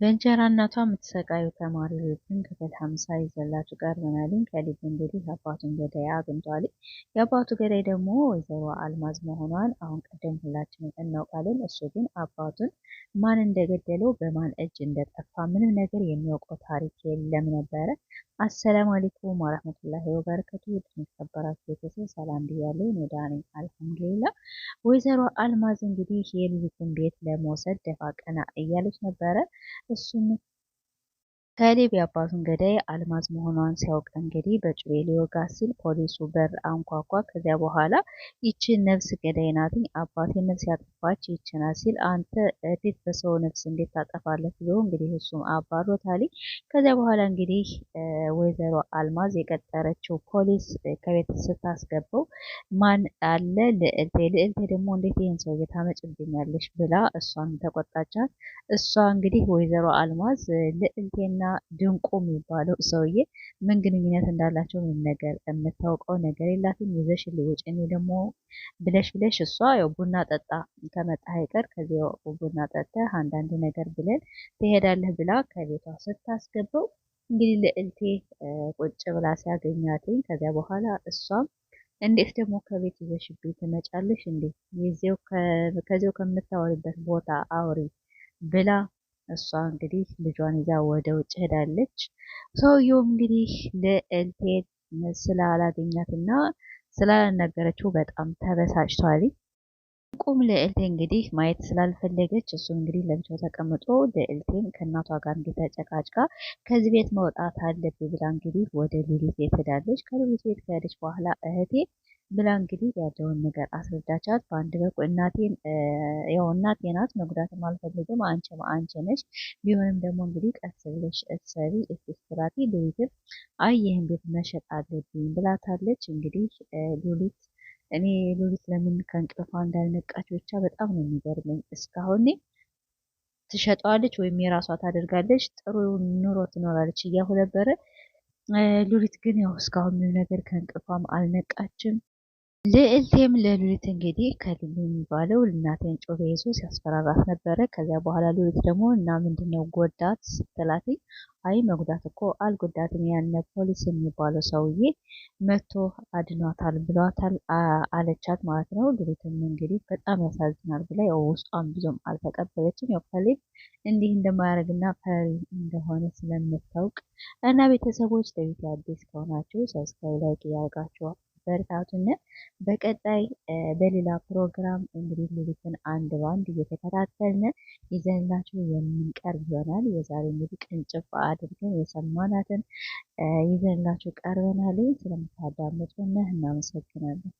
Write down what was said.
በእንጀራ እናቷ የምትሰቃየው ተማሪ ልጅን ክፍል ሀምሳ ይዘላችሁ ቀርበናልኝ። ከልጅ እንግዲህ የአባቱን ገዳይ አግኝቷል። የአባቱ ገዳይ ደግሞ ወይዘሮ አልማዝ መሆኗን አሁን ቀደም ሁላችንም እናውቃለን። እሱ ግን አባቱን ማን እንደገደለው በማን እጅ እንደጠፋ ምንም ነገር የሚያውቀው ታሪክ የለም ነበረ። አሰላሙ አሌይኩም ወራህመቱላሂ ወበረከቱ። የተከበራችሁ ቤተሰብ ሰላም ብያለሁ። ኔዳ ነኝ ወይዘሮ አልማዝ እንግዲህ የልጅቱን ቤት ለመውሰድ ደፋ ቀና እያለች ነበረ። እሱም ከሊብ የአባቱን ገዳይ አልማዝ መሆኗን ሲያውቅ እንግዲህ በጩቤ ሊወጋ ሲል ፖሊሱ በር አንኳኳ። ከዚያ በኋላ ይቺ ነፍስ ገዳይ ናትኝ አባቴ ነፍስ ያጠፋች ይቺ ናት ሲል አንተ እንዴት በሰው ነፍስ እንዴት ታጠፋለህ ብሎ እንግዲህ እሱም አባሮታል። ከዚያ በኋላ እንግዲህ ወይዘሮ አልማዝ የቀጠረችው ፖሊስ ከቤት ስታስገባው ማን አለ ልዕልቴ፣ ልዕልቴ ደግሞ እንዴት ይህን ሰው ታመጭብኛለሽ ብላ እሷን ተቆጣቻት። እሷ እንግዲህ ወይዘሮ አልማዝ ልዕልቴና እና ድንቁ የሚባለው ሰውዬ ምን ግንኙነት እንዳላቸው ምንም ነገር የምታውቀው ነገር የላትም። ይዘሽ ልውጭ እኔ ደግሞ ብለሽ ብለሽ እሷ ያው ቡና ጠጣ ከመጣ አይቀር ከዚያ ቡና ጠጥተህ አንዳንድ ነገር ብለን ትሄዳለህ ብላ ከቤቷ ስታስገባው እንግዲህ ልዕልቴ ቁጭ ብላ ሲያገኛትኝ ከዚያ በኋላ እሷም እንዴት ደግሞ ከቤት ቤት ትመጫለሽ እንዴ? ከዚው ከምታወሪበት ቦታ አውሪ ብላ እሷ እንግዲህ ልጇን ይዛ ወደ ውጭ ሄዳለች። ሰውየው እንግዲህ ልዕልቴን ስላላገኛትና ስላላናገረችው በጣም ተበሳጭቷል። ቁም ልዕልቴ እንግዲህ ማየት ስላልፈለገች እሱ እንግዲህ ለብቻው ተቀምጦ ልዕልቴን ከእናቷ ጋር እንግዲህ ተጨቃጭቃ ከዚህ ቤት መውጣት አለብኝ ብላ እንግዲህ ወደ ሉሊት ቤት ሄዳለች። ከሉሊት ቤት ከሄደች በኋላ እህቴ ብላ እንግዲህ ያለውን ነገር አስረዳቻት። በአንድ በኩል እናቴን ያው እናቴ ናት መጉዳትም አልፈልግም፣ አንቸ አንቺ ነሽ። ቢሆንም ደግሞ እንግዲህ ቀስ ብለሽ እሰሪ እስስራቴ ሉሊትም አይ ይህን ቤት መሸጥ አለብኝ ብላታለች። እንግዲህ ሉሊት እኔ ሉሊት ለምን ከእንቅልፏ እንዳልነቃች ብቻ በጣም ነው የሚገርመኝ እስካሁን ትሸጠዋለች ወይም የራሷ ታደርጋለች፣ ጥሩ ኑሮ ትኖራለች እያሁ ነበረ። ሉሊት ግን ያው እስካሁን ምንም ነገር ከእንቅልፏም አልነቃችም። ልዕልቴም ለሉሊት እንግዲህ ከልል የሚባለው እናቴን ጮቤ ይዞ ሲያስፈራራት ነበረ። ከዚያ በኋላ ሉሊት ደግሞ እና ምንድነው ጎዳት ስትላትኝ፣ አይ መጉዳት እኮ አልጎዳትም ያነ ፖሊስ የሚባለው ሰውዬ መቶ አድኗታል ብሏታል አለቻት ማለት ነው። ሉሊትም እንግዲህ በጣም ያሳዝናል ብላ ያው ውስጧን ብዙም አልተቀበለችም። ያው ከልል እንዲህ እንደማያደርግና ፈሪ እንደሆነ ስለምታውቅ እና ቤተሰቦች ለቤት አዲስ ከሆናችሁ ሰብስክራይብ፣ ላይክ እያደረጋችኋል አበረታቱን። በቀጣይ በሌላ ፕሮግራም እንግዲህ ሌሊትን አንድ ባንድ እየተከታተልን ይዘንላችሁ የምንቀርብ ይሆናል። የዛሬ እንግዲህ ቅንጭፍ አድርገን የሰማናትን ይዘንላችሁ ቀርበናል። ስለምታዳምጡን እናመሰግናለን።